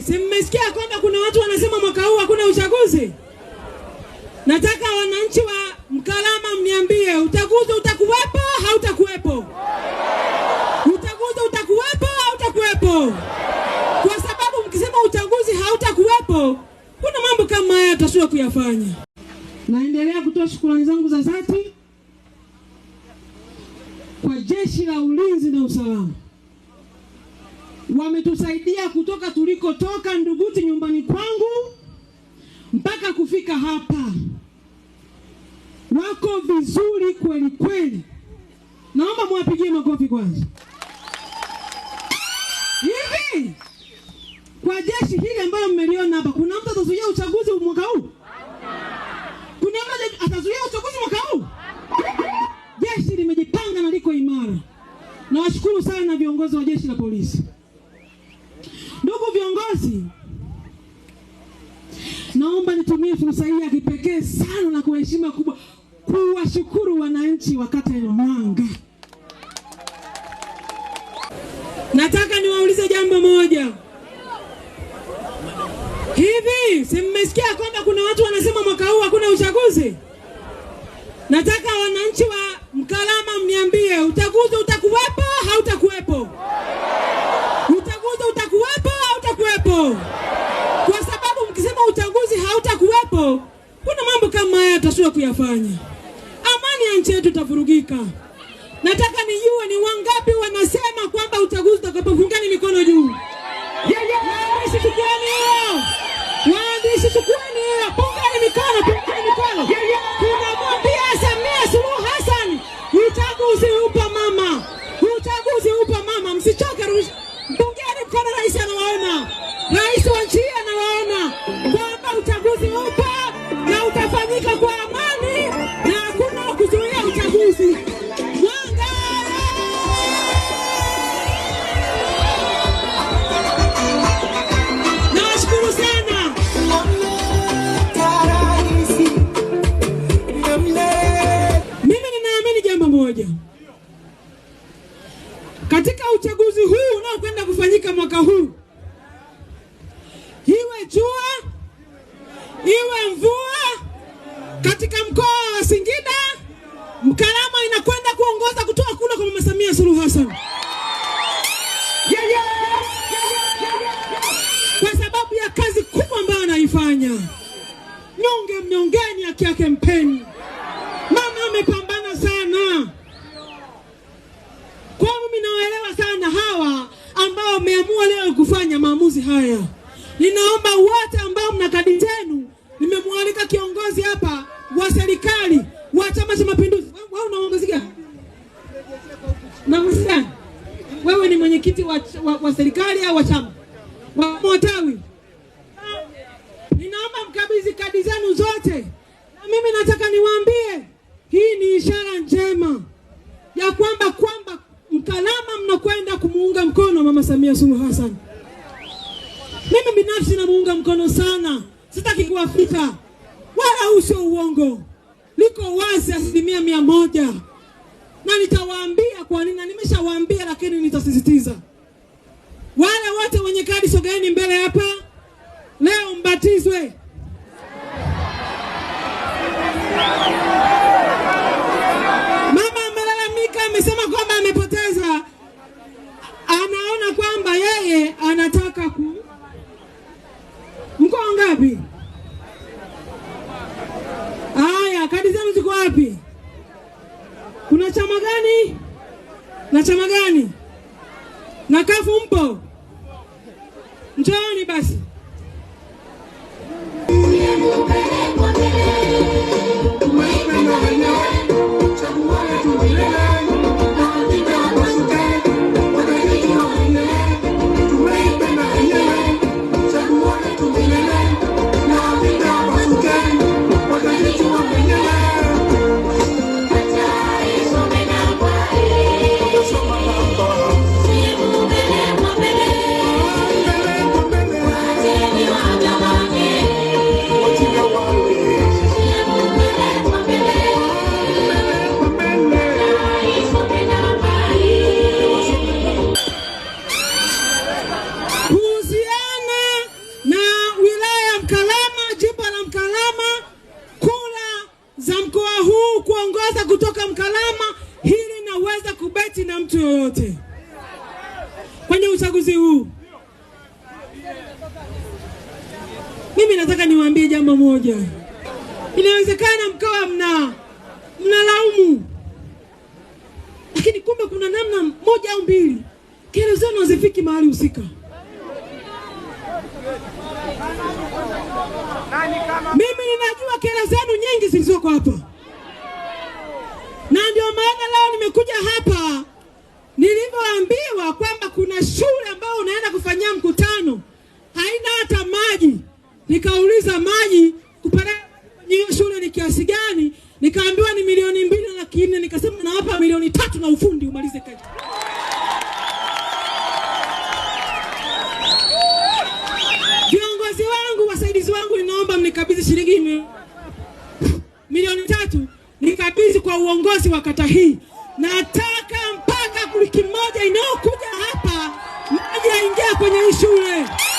si mmesikia kwamba kuna watu wanasema mwaka huu hakuna uchaguzi? Nataka wananchi wa Mkalama mniambie, uchaguzi utakuwepo hautakuwepo? Uchaguzi utakuwepo hautakuwepo? Kwa sababu mkisema uchaguzi hautakuwepo, kuna mambo kama haya tutasio kuyafanya. Naendelea kutoa shukrani zangu za dhati kwa jeshi la ulinzi na usalama wametusaidia kutoka tulikotoka Nduguti, nyumbani kwangu, mpaka kufika hapa. Wako vizuri kweli kweli, naomba muwapigie makofi kwanza. Hivi kwa jeshi hili ambalo mmeliona hapa, kuna mtu atazuia uchaguzi mwaka huu? Kuna mtu atazuia uchaguzi mwaka huu? Jeshi limejipanga na liko imara. Nawashukuru sana viongozi wa jeshi la polisi kazi. Naomba nitumie fursa hii ya kipekee sana na kwa heshima kubwa kuwashukuru wananchi wa kata ya Mwanga. Nataka niwaulize jambo moja hivi, si mmesikia kwamba kuna watu wanasema mwaka huu hakuna uchaguzi? Nataka wananchi wa Mkalama mniambie utaguzi kama haya tutashindwa kuyafanya, amani ya nchi yetu itavurugika. Nataka nijue ni wangapi wanasema kwamba uchaguzi utakapofungani mikono juu. Waandishi tukueni hiyo, waandishi tukueni hiyo, pungeni mikono, pungeni mikono. Tunamwambia Samia Suluhu Hassan, uchaguzi upa mama, uchaguzi upa mama, msichoke, pungeni mkono. Rais anawaona, rais wa nchi hii anawaona kwamba uchaguzi upa kufanyika kwa amani. katika mkoa wa Singida, Mkalama inakwenda kuongoza kutoa kula kwa Mama Samia Suluhu Hassan. Yeah, yeah, yeah, yeah, yeah, yeah. Kwa sababu ya kazi kubwa ambayo anaifanya. Nyonge mnyongeni, haki yake mpeni. Mama amepambana sana. Kwa mimi nawaelewa sana hawa ambao wameamua leo kufanya maamuzi haya. Ninaomba wote ambao mna kadi zenu, nimemwalika kiongozi hapa wa serikali wa Chama cha Mapinduzi. Wewe una uongozi gani? Na wewe ni mwenyekiti wa, wa, wa serikali au wa chama wa motawi? Ninaomba mkabidhi kadi zenu zote, na mimi nataka niwaambie hii ni ishara njema ya kwamba kwamba Mkalama mnakwenda kumuunga mkono Mama Samia Suluhu Hassan. Mimi binafsi namuunga mkono sana, sitaki kuwaficha wala usio uongo, liko wazi asilimia mia moja, na nitawaambia kwa nini, na nimeshawaambia lakini nitasisitiza. Wale wote wenye kadi, sogeeni mbele hapa, leo mbatizwe. Mama amelalamika, amesema kwamba amepoteza, anaona kwamba yeye anataka ku mkoa ngapi? wapi? Kuna chama gani na chama gani? Na kafu mpo? Njooni basi. Nkalama, hili naweza kubeti na mtu yoyote kwenye uchaguzi huu. Mimi nataka niwaambie jambo moja, inawezekana mkawa mna mnalaumu, lakini kumbe kuna namna moja au mbili kero zenu hazifiki mahali husika. Mimi ninajua kero zenu nyingi zilizoko hapa nimekuja hapa nilivyoambiwa kwamba kuna shule ambayo unaenda kufanyia mkutano haina hata maji, nikauliza maji kwenye hiyo shule ni kiasi gani? Nikaambiwa ni milioni mbili na laki nne. Nikasema nawapa milioni tatu na ufundi umalize kazi. Viongozi wangu, wasaidizi wangu, ninaomba mnikabidhi shilingi milioni tatu, nikabidhi kwa uongozi wa kata hii. Nataka mpaka kuli kimoja inayokuja hapa maji yaingia kwenye hii shule.